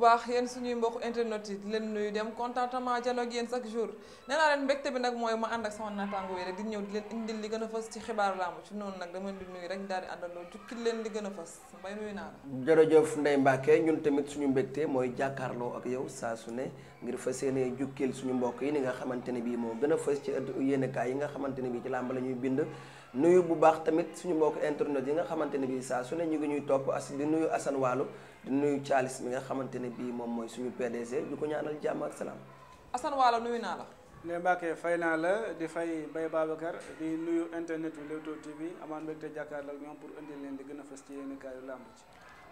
baax yéen suñuy mbokk internet yi di leen nuyu dem contentement dialogue yéen chaque jour nee naa leen mbégte bi nag mooy ma ànd ak sama naataango yi rek di ñëw di leen indil li gën a fës ci xibaar laamu ci noonu nag dama leen di nuyu rek daal di àndandoo jukki leen li gën a fës mbay nuyu naa la. jërëjëf Ndeye Mbacke ñun tamit suñu mbégte mooy jàkkaarloo ak yow saa su ne. ngir fas yéene jukkil suñu mbokk yi ni nga xamante ne bii moo gën a fës ci yéenekaay yi nga xamante ne bii ci làmb la ñuy bind nuyu bu baax tamit suñu mbokk internet yi nga xamante ne bii saa su ne ñu ñuy topp as di nuyu Assane Walu di nuyu Thialis mi nga xamante ne bii moom mooy suñu PDG di ko ñaanal jàmm ak salaam Assane Walu nuyu naa la ne Mbacke fay naa la di fay Baye Babacar di nuyu internet yu Leewtoo TV amaan mbégte jàkkaar ak ñoom pour indil leen di gën a fës ci yéenekaay yu làmb ci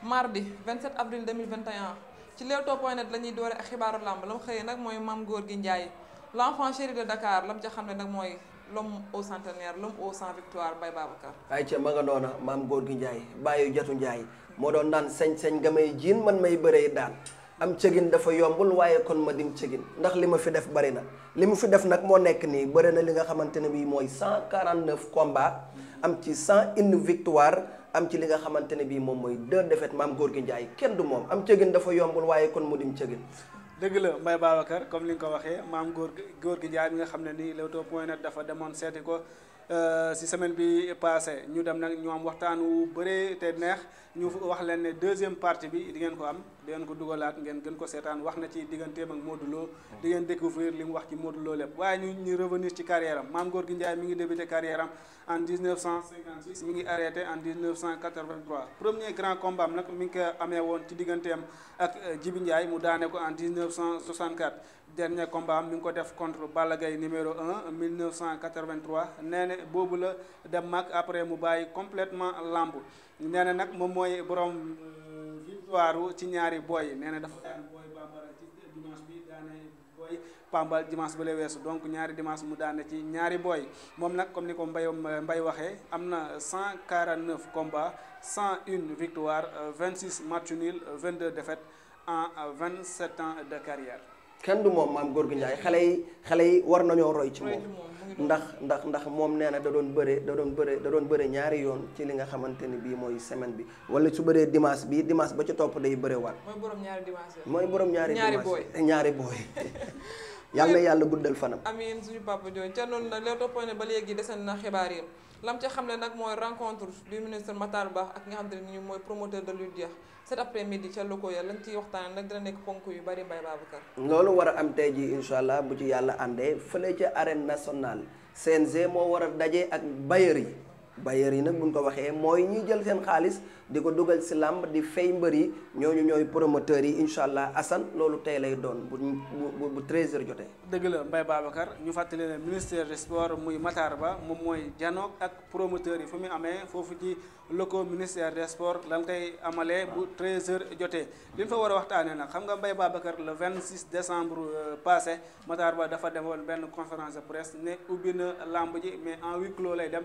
mardi 27 avril 2021 ci Leewtoo point net la ñuy doore ak xibaaru làmb la mu xëyee nag mooy Mame Gorgui Ndiaye l'enfant chéri de Dakar lam ca xam ne nag mooy l'homme au centenaire l'homme au cent victoire Baye Babacar ay ca ma nga noona Mame Gorgui Ndiaye bàyyi jatu Ndiaye moo doon naan sañ-sañ nga may jiin man may bëree daan am cëgin dafa yombul waaye kon ma dim segin ndax li ma fi def bari na li ma fi def nag moo nekk nii bëri na li nga xamante ne bii mooy 149 combats am ci 101 victoire am ci li nga xamante ne bii moom mooy deux défaites maam góor gi Njaay kenn du moom am cëgin dafa yombul waaye kon mu dim cëgin dëgg la Mbaye Babacar comme li nga ko waxee maam góor góor gi Njaay mi nga xam ne ni Leewtoo point net dafa demoon seeti ko euh, si semaine bi passé ñu dem nag ñoom am waxtaan wu bëree te neex ñu wax leen ne deuxième partie bi di ngeen ko am di ngeen ko dugalaat ngeen gën ko seetaan wax na ci digganteem ak Modou Lo di ngeen découvrir li mu wax ci Modou Lo lépp waaye ñu ñu revenir ci carrière am maam góor gi Njaay mi ngi débuté carrière am en 1956 ngi arrêté en 1983 premier grand combat ngi ko amee woon ci digganteem ak euh, Jibi Njaay mu daane ko en 1964 dernier combat am mi ngi ko def contre Balla Gaye numéro 1 1983 nee na boobu la dem mag après mu bàyyi complètement làmb nee na nag moom mooy borom euh, victoire ci ñaari booy nee na dafa daan booy bi daane booy pambal dimanche ba la weesu donc ñaari dimanche mu daane ci ñaari booy moom nag comme ni ko mbay mbay waxee am na 149 combats 101 victoire 26 euh, match vingt deux défaites en vingt sept ans de carrière kenn du moom maam Gorgui Ndiaye xale yi xale yi war nañoo roy ci moom ndax ndax ndax moom nee na da doon bëre da doon bëre da doon bëre ñaari yoon ci li nga xamante ni bii mooy semaine bi wala su bëree dimanche bi dimanche ba ci topp day bëre waat mooy borom ñaari dimanche borom ñaari dimanche eh, ñaari booy yàlla na yàlla guddal fanam amiin suñu papa jooju ca noonu nag Leewtoo point ba léegi desen na xibaar yi lam ca xam ne nag mooy rencontre du ministre Matar Ba ak nga xam te ne cet après midi ca loko ya lañ ciy waxtaan nag dina nekk ponk yu bari Mbaye Babacar loolu war am tey jii incha allah bu ci yàlla àndee fële ca arène nationale CNG moo war a ak bailleurs yi bailleurs yi nag bu buñ ko waxee mooy ñuy jël seen xaalis di ko dugal si làmb di fay mbër yi ñooñu ñooy promoteurs yi incha allah Assane loolu tey lay doon bu bu bu 13h jotee. dëgg la Mbaye Babacar ñu fàttali ne ministère des sports muy Matar Ba moom mooy janoog ak promoteurs yi fu muy amee foofu ci locaux ministère des sport lan koy amalee bu 13h jotee. li ñu fa war a waxtaanee nag xam nga mbay Mbaye Babacar vingt 26 décembre euh, passé Matar Ba dafa demoon benn conférence de ne ubbi na làmb ji mais en huis lay dem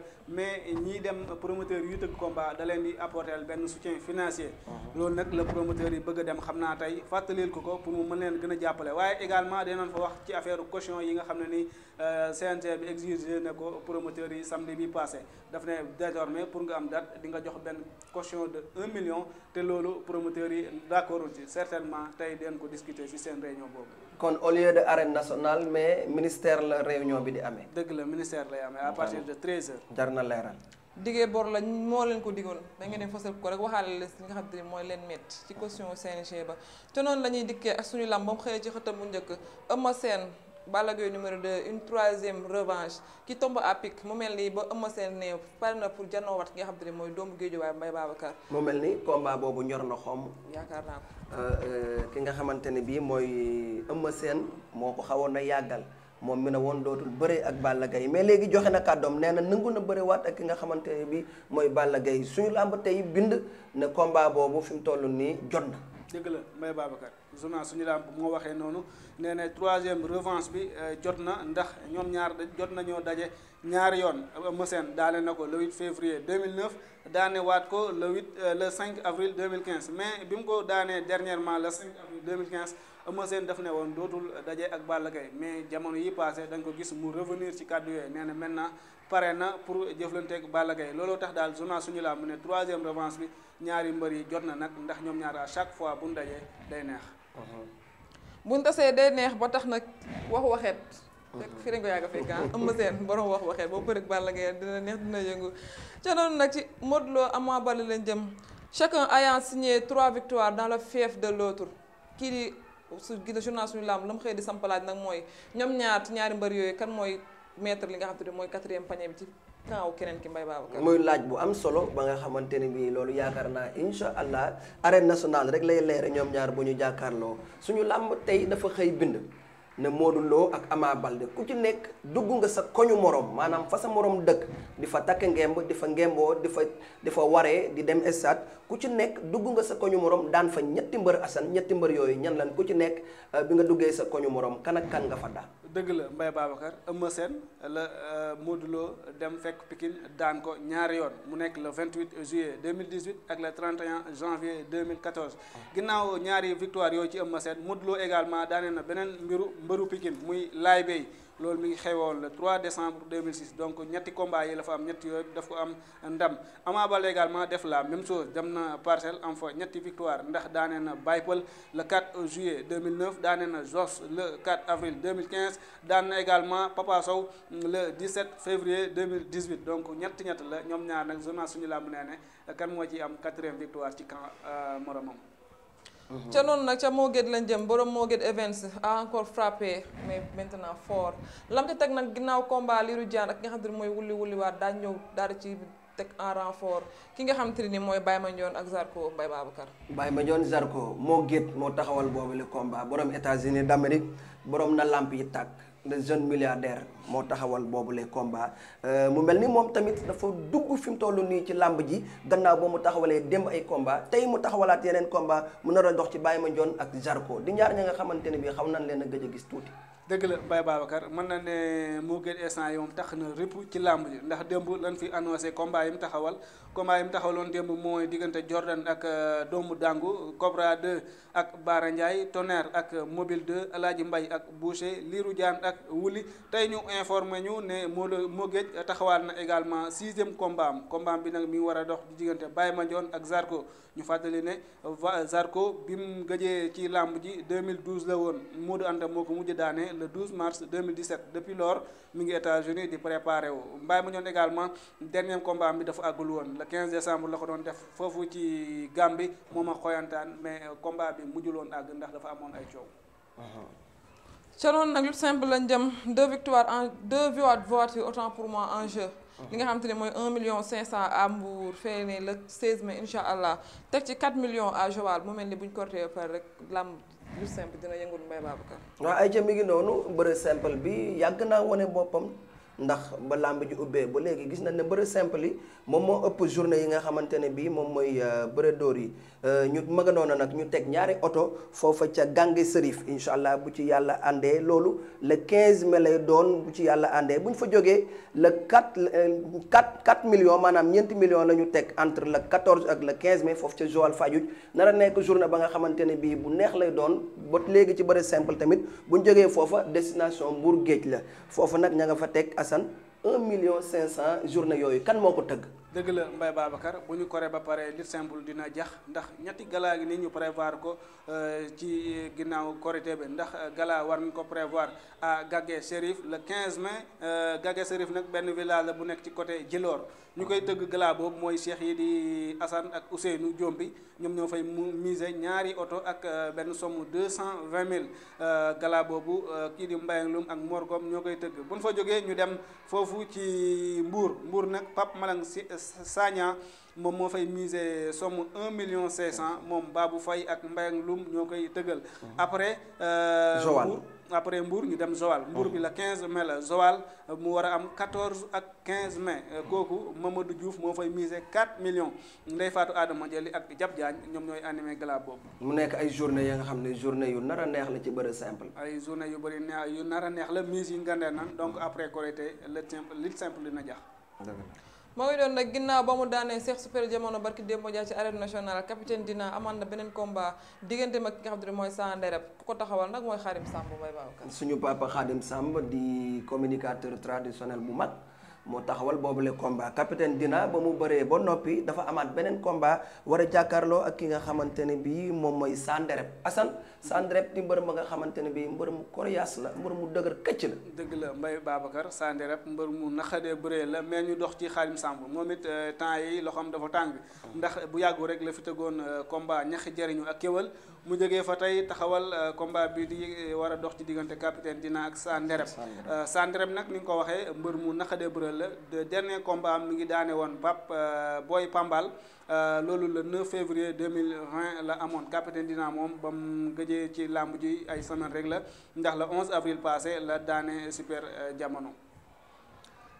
ñiy dem promoteur yu tëgg combat da leen di apporter benn soutien financier loolu nag la promoteur yi bëgg a dem xam naa tey fàttalil ko ko pour mu mën leen gën a jàppale waaye également dinañ fa wax ci affaire caution yi nga xam ne ni euh, CNG bi exigé na ko promoteur yi samedi bi passé daf ne désormais pour nga am date di nga jox benn caution de 1 million te loolu promoteur yi d'accordul ci certainement tey den ko discuter ci seen réunion boobu kon au lieu de arène nationale mais ministère la réunion bi di amee. dëgg la ministère lay amee à partir de 13h. jar na leeral. diggee bor la moo leen ko digoon da ngeenee di fësal ko rek waxaale la li nga xam te ne mooy leen métti ci caution CNG ba te noonu la ñuy dikkee ak suñu lam ba mu xëyee ci xëtam bu njëkk Eumeu Sène Balla Gaye numéro de une troisième revanche ki tombe à pic mu mel nii ba Eumeu Sène ne pare na pour janoowaat ki nga xam te ne mooy doomu Guédiawaye Mbaye Babacar mel ni combat boobu ñor na xomm yaakaar naa euh, euh, ki nga xamante ne bii mooy Eumeu moo ko xawoon na yàggal moom mi ne woon dootul bëre ak Balla gay mais léegi joxe na kàddoom nee na nangu na bëre waat ak ki nga xamante ne bii mooy Balla Gaye suñu làmb tey bind ne combat boobu fi mu toll nii jot na dëgg la Mbaye Babacar journal suñu lamb moo waxee noonu nee na troisième revanche bi euh, jot na ndax ñoom ñaar jot nañoo daje ñaari yoon Eumeu Sène daane na ko le 8 février 2009 daane waat ko le 8 euh, le 5 avril 2015 mais bi mu ko daanee dernièrement le 5 avril 2015 Eumeu Sène daf ne woon dootul daje ak Balla Gaye mais jamono yi passé dañ ko gis mu revenir ci kàddu yooyu nee na maintenant pare na pour jëflante ak Balla Gaye looloo tax daal journal suñu laa mu ne troisième revanche bi ñaari mbër yi jot na nag ndax ñoom ñaar à chaque fois bu ñu dajee day neex. Uh-huh. bu ñu tasee day neex ba tax nag wax waxeet. fii lañ ko yàgg a fekk ah, Eumeu Sène borom wax waxeet boo për ak Balla Gaye dina neex dina yëngu ca noonu nag ci Modou Lo Ama Baldé lañ jëm chacun ayant dans le fief de l'autre kii su gis journal suñu làmb la mu xëy di sampalaat nag mooy ñoom ñaar ci ñaari mbër yooyu kan mooy metre li nga xam te ne mooy quatrième panier bi ci kaaw keneen ki Mbaye Babacar muy laaj bu am solo ba nga xamante ne bii loolu yaakaar naa insha allah arène nationale rek lay leere ñoom ñaar bu ñu jàkkaarloo suñu làmb tey dafa xëy bind ne Modou Lo ak Ama Balde ku ci nekk dugg nga sa koñu morom maanaam fa sa morom dëkk di fa takk ngemb di fa ngemboo di fa di fa waree di dem stade ku ci nekk dugg nga sa koñu morom daan fa ñetti mbër asan ñetti mbër yooyu ñan lan ku ci nekk euh, bi nga duggee sa koñu morom kan nga fa daan. dëgg la Mbaye Babacar Eumeu Sène la euh, Modou Lo dem fekk Pikine daan ko ñaari yoon mu nekk le 28 juillet 2018 ak le 31 janvier 2014 ah. ginnaaw ñaari victoire yooyu ci Eumeu Sène Modou Lo également daanee na beneen mbiru. mbëru Pikine muy Laay Bey loolu mi ngi xewoon le 3 décembre 2006 donc ñetti combat yi la fa am ñetti yooyu daf ko am ndam Ama Baldé également def la même chose dem na parcelle am fa ñetti victoire ndax daane na Baypal le 4 juillet 2009 daane na Jos le 4 avril 2015 daan na également Papa Sow le 17 février 2018 donc ñett ñett la ñoom ñaar nag journal suñu làmb nee ne kan moo ci am quatrième victoire ci camp euh, moromam ca noonu nag ca Moget lañ jëm borom Moget Events a encore frappé mais maintenant for lam teg nag ginnaaw combat Lirou Diane ak nga xam te ne mooy wuli wuli waat daa ñëw daal di ci teg en for ki nga xam te ne nii mooy Baye Mandione ak Zarko Baye Babacar. ma Mandione Zarko Moget moo taxawal boobu le combat borom États-Unis d'Amérique borom na lamp yi tàkk. le jeune milliardaire moo taxawal boobu les combat euh, mu mel ni moom tamit dafa dugg fi mu toll nii ci làmb ji gannaaw boo mu taxawalee démb ay combat tey mu taxawalaat yeneen combat mu naroon dox ci Baye Mandione ak Zarko di ñaar ña nga xamante ne bii xaw nañ leen a gëj a gis tuuti. dëgg la Mbaye Babacar mën na ne moo gën instant yi moom tax na rëpp ci làmb ji ndax démb lan fi annoncé combat yi mu taxawal combat yi mu taxawaloon mooy diggante Jordan ak euh, doomu Dangu Cobra ak Baara Ndiaye Tonnerre ak Mobile 2 Alaaji Mbay ak Boucher Liiru Jaan ak Wuli tey ñu informé ne moo la moo na également sixième combat am bi nag mi war a dox di diggante Baye Mandione ak Zarko ñu fàttali ne va Zarko bi mu gëjee ci làmb ji 2012 la woon Modou Anta moo ko mujj daane le 12 mars 2017 depuis lors mi ngi États-Unis di préparé wu Mbaye Mandione également dernier combat bi dafa àggul woon le décembre la ko doon def foofu ci Gambie moom ak xoyantaan mais euh, combat bi mujjul woon àgg ndax dafa amoon ay coow. Uh-huh. ca noonu nag lu simple lañ jëm deux victoires en deux victoires autant pour moi en jeu. Uh-huh. li nga xam te ne mooy 1 million 500 à Mbour fee ne le 16 mai incha allah teg ci 4 millions à mu mel ni bu ñu corté par rek làmb lutte simple dina yëngul Mbaye Babacar. waaw ay mi ngi noonu bëre simple bi yàgg naa wane boppam ndax ba làmb ji ubbee ba léegi gis nañ ne bëre simple yi moom moo ëpp journée yi nga xamante ne bii moom mooy euh, bëre dóor yi euh, ñu magandoo na nag ñu teg ñaari oto foofa ca gànge sërif incha allah bu ci yàlla àndee loolu le quinze mai lay doon bu ci yàlla àndee bu ñu fa jógee la le 4 4 4 million maanaam ñeenti million la ñu teg entre la 14 ak le 15 mai foofu ca Joal Fadiouth nar a nekk journée ba nga xamante ne bii bu neex lay doon ba léegi ci bëre simple tamit bu ñu foofa destination Mbour géej la foofa nag nga fa teg Assane un million cinq cent journée yooyu kan moo ko tëgg dëgg la Mbaye Babacar bu ñu koree ba pare lutte simple dina jax ndax ñetti galaa gi nii ñu prévoir ko euh, ci ginnaaw korité bi ndax euh, galaa war nañ ko prévoir à Gagé Serif le mais mai euh, Gagé Serif nag benn village la bu nekk ci côté Djilor ñu koy tëgg galaa boobu mooy cheikh yi di Assane ak Ousseynou Diombi ñoom ñoo fay mu mise ñaari oto ak benn somme deux cent vingt mille gala boobu kii di Mbaye Loum ak Morgom ñoo koy tëgg bu ñu fa jógee ñu dem foofu ci mbuur mbuur nag Pape Malang si Sagna moom moo fay musée somme un million cinq cent moom baa bu fay ak Mbayang lum ñoo koy tëggal après euh, Joal après mbur ñu dem Joal mbur bi la 15 mai la Joal euh, mu war a am 14 ak quinze mais euh, kooku Mamadou juuf moo fay misé 4 millions Ndeye Fatou Adama Jëli ak Jab Diagne ñoom ñooy animé gala boobu. mu nekk ay journée ya nga xam ne journée yu nar a neex la ci bëri simple. ay journée yu bëri neex yu nar a neex la mise yi ngandee nan donc mm. après Korité le simple li simple dina jax. moo ngi doon nag ginnaaw ba mu daanee Cheikh Super Jamono barki démb Dia ci arène nationale capitaine dina amaan na beneen combat diggante mag ki nga xam ne mooy Sa Ndeye Rap ku ko taxawal nag mooy Xaadim Samb bay baaw suñu papa Xaadim Samb di communicateur traditionnel bu mag moo taxawal boobule komba capitaine Dina ba mu bëree ba noppi dafa amaat beneen combat war a jàkkaarloo ak ki nga xamante ne bii moom mooy Sanderep Assane Sanderep di mbër ma nga xamante ne bii mbër mu coriace la mbër mu dëgër këcc la. dëgg la Mbaye Babacar Sanderep mbër mu naxadee bëree la mais ñu dox ci Xaalim Samb moom it euh, temps yi loxoom dafa tàng ah. ndax bu yàggu rek la fi tegoon euh, combat ñaxi jariñu ak kéwal mu jege fa tey taxawal euh, combat bi di euh, war a dox ci diggante capitaine Dina ak Sanderem Sanderem euh, nag ni nga ko waxee mbër mu naqadee bëral la de dernier combat am ngi daane woon pap booy Pambal loolu le 9 février 2020 la amoon capitaine Dina moom ba mu gëjee ci làmb ji ay semaine rek la ndax la 11 avril passé la daane super jamono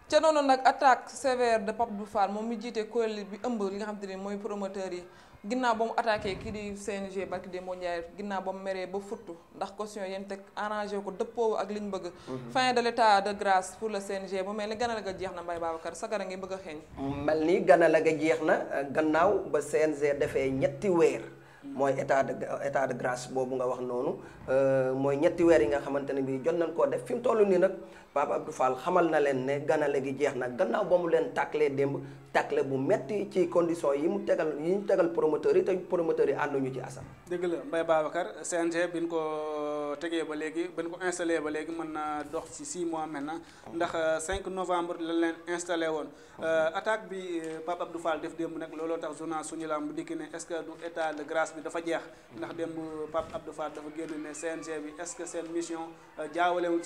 ca noonu nag attaque sévère de Pape Diouf Fall moom mi jiite kuréel bi ëmb li nga xam te ne mooy promoteur yi ginnaaw ba mu attaqué kii di CNG barki de moo Ndiaye ginnaaw ba mu meree ba futtu ndax caution yéen teg arrangé ko dëppoo ak liñ bëgg. Mhm. fin de l' état de grâce pour le CNG bu mel ni gana la nga jeex na Mbaye Babacar sagara ngi bëgg a mel ni gana la na gannaaw ba CNG defee ñetti weer. mooy état de état de grâce boobu nga wax noonu euh, mooy ñetti weer yi nga xamante ne bii jot nañ koo def fi mu toll nii nag. Pape Abdou Fall xamal na leen ne ganale gi jeex na gannaaw ba mu leen tàkkalee démb tàkkale bu metti ci condition yi mu tegal yi ñu tegal promoteurs yi te promoteurs yi ànduñu ci asam dëgg la Mbaye Babacar CNG bi ñu ko tegee ba léegi bi ñu ko installé ba léegi mën na dox ci 6 mois maintenant ndax 5 euh, novembre la leen installe woon euh, attaque bi euh, Pape Abdou Fall def démb nag looloo tax journal suñu lamb bu dikki ne est-ce que du état de grâce bi dafa jeex ndax démb Pape Abdou Fall dafa génn que seen mission jaawalewul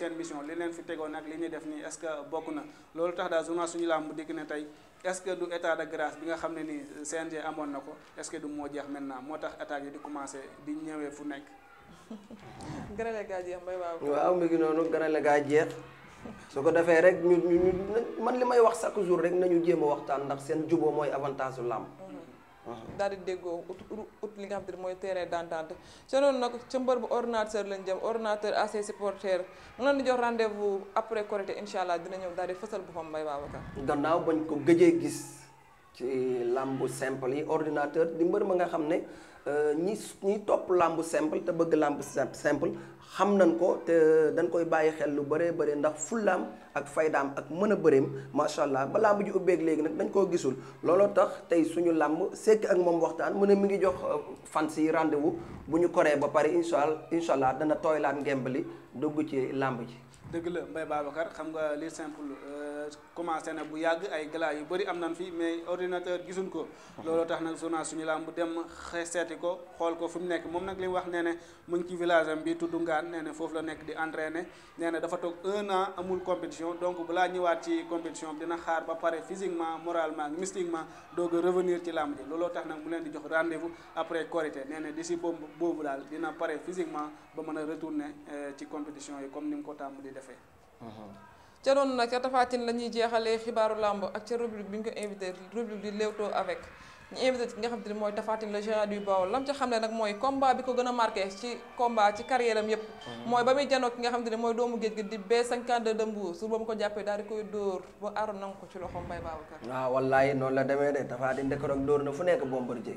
nag li ñuy def nii est que bokk na loolu tax daal journal suñu làmb dikk ne tey est-ce que du état de grâce bi nga xam ne nii euh, CNG amoon na ko est-ce que du moo jeex maintenant moo tax attaques yi di commencé di ñëwee fu nekk. gërële gaa jeex mbay waaw. waaw mi ngi noonu gërële gaa jeex su ko defee rek ñu ñu man li may wax chaque jour rek nañu jéem a waxtaan ndax seen jubo mooy avantage su làmb. Mhm. daal di déggoo ut ut li nga xam te ne mooy terrain d'entente ca noonu nag ca mbër bu ordinateur lañ jëm ordinateur à ses supporters mu leen di jox rendez après Korité incha allah dina ñëw daal di fësal boppam Mbaye Babacar gannaaw bañ ko gëjee gis ci làmbu simple yi ordinateur di mbër ma nga xam ne euh, ñi ñi topp làmbu simple te bëgg làmbu simple xam nañ ko te dañ koy bàyyi xel lu bëree bëri ndax fullaam ak faydaam ak mën a bëreem macha allah ba làmb ji ubbeeg léegi nag dañ koo gisul looloo tax tey suñu làmb sekk ak moom waxtaan mu ne mi ngi jox euh, fans yi rendez-vous bu ñu koree ba pare incha allah incha allah dana tooylaat ngembali dugg ci làmb ji. dëgg la Mbaye Babacar xam nga li simple. Euh, commencé na bu yàgg ay gala yu bëri am na fi mais ordinateur gisuñ ko looloo tax nag journal suñu lamb bu dem seeti ko xool ko fu mu nekk moom nag li wax nee ne mu ngi ci village am bi tudd Ngaan nee ne foofu la nekk di entraîné nee na dafa toog un an amul compétition donc balaa ñëwaat ci compétition dina xaar ba pare physiquement moralement mystiquement doog a revenir ci lamb ji looloo tax nag mu leen di jox rendez-vous après Korité nee na d'ici boobu boobu dina pare physiquement ba mën a retourner euh, ci compétition yi comme ni mu ko tàmm di defee ca doon nag ca tafaatin la ñuy jeexalee xibaaru làmb ak ca rubrique bi ñu ko invité rubrique di Leewtoo avec ñu invité ki nga xam ne ne mooy tafaatin le géant du Baol lam ca xam ne nag mooy ko gën a marqué ci combat ci carrière am yépp mm-hmm. mooy ba muy janoo ki nga xam te ne mooy doomu géej gi di B52 de Mbour su ba mu ko jàppee daal di koy dóor ba aaroon nangu ko ci loxoom Mbaye Babacar waaw ah, wallaay noonu la demee de tafaatin ndekoroog dóor na fu nekk Bombardier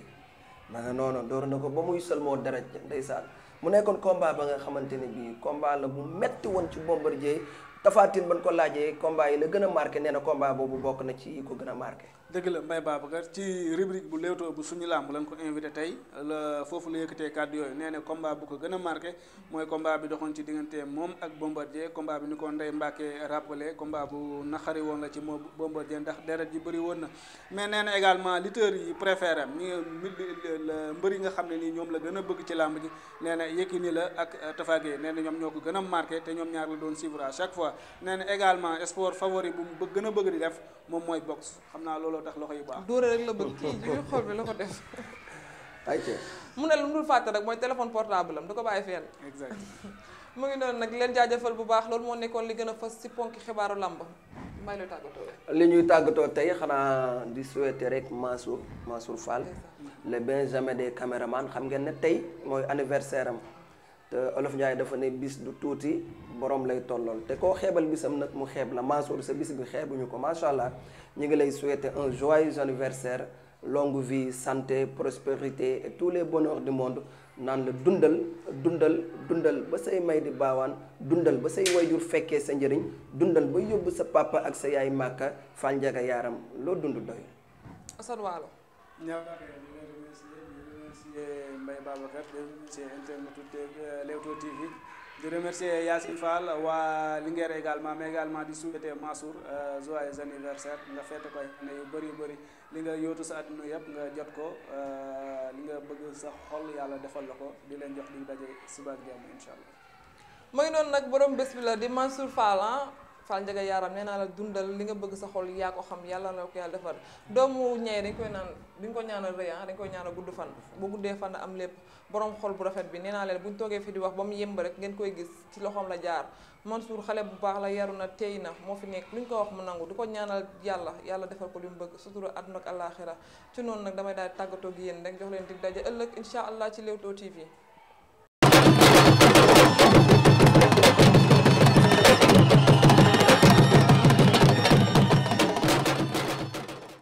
ma nga noonu dóor na ko ba muy sël moo deret ndeysaan mu nekkoon combat ba nga xamante ne bii combat la bu metti woon ci Bombardier Tapha Tine ba ñu ko laajee combat yi la gën a marqué nee na combat boobu bokk na ci yi ko gën a marqué. dëgg la Mbaye Babacar ci rubrique bu Leewtoo bu suñu làmb lañ ko invité tey la foofu la yëkkatee kàddu yooyu nee ne combat bu ko gën a marqué mooy combat bi doxoon ci diggante moom ak Bombardier combat bi ni ko Ndeye Mbacke rappelé combat bu naxari woon la ci moom Bombardier ndax deret ji bari woon na mais nee na également lutteurs yi préféré am ñi yi nga xam ne nii ñoom la gën a bëgg ci làmb ji nee na Yékini la ak Tapha Guèye nee na ñoom ñoo ko gën a marqué te ñoom ñaar la doon suivre à chaque fois nee na également sport favori bu mu gën a bëgg di def moom looloo loxo yu baax. dóore rek la bëgg kii ji xol bi la ko def. ayca mu ne lu mu dul fàtte rek mooy téléphone portable am da ko bàyyi fenn. mu ngi noonu nag leen jaajëfal bu baax loolu moo nekkoon li gën a fës ci ponk xibaaru làmb may la tàggatoo li ñuy tàggatoo tey xanaa di souhaiter rek Mansour Mansour Fall. le benjamin des man xam ngeen ne tey mooy anniversaire am. te euh, olof Njaay dafa ne bis du tuuti borom lay tollool te koo xeebal bisam nag mu xeeb la Mansour sa bis bi xeebuñu ko macha allah ñu ngi lay souhaiter un joyeux anniversaire longue vie santé prospérité et tous les bonheurs du monde naan la dundal dundal dundal ba say may di baawaan dundal ba say wayjur fekkee sa njëriñ dundal ba yóbbu sa papa ak sa yaay màkka fal njaga yaaram loo dund doy. ñaaw naa koy ñu ngi remercier ñu remercier Mbaye Babacar di remercier internet Leewtoo TV di remercier Yacine Fall waa Linguère également mais également di souhaiter Mansour euh, joyeux anniversaire nga fête koy ne yu bëri bëri li nga yootu sa àdduna yëpp nga jot ko euh, li nga bëgg sa xol yàlla defal la ko di leen jox di daje suba ak jàmm incha allah. mooy nag borom bés bi la di Mansour Fall ah. Fall Ndiaga Yaram nee naa la dundal li nga bëgg sa xol yaa ko xam yàlla na ko yàlla defal doomu ñay dañ koy naan dañ ko ñaanal rëy ah, dañ koy ñaanal gudd fan bu guddee fan am lépp borom xol bu rafet bi nee naa leen buñ toogee fi di wax ba mu yëmb rek ngeen koy gis ci loxoom la jaar Mansour xale bu baax la yaru na tey na moo fi nekk luñ ko wax mu nangu di ko ñaanal yàlla yàlla defal ko li mu bëgg sutura àdduna ak àllaaxira ci noonu nag damay daal tàggatoo gi yéen rek jox leen dig daje ëllëg incha allah ci Leewtoo TV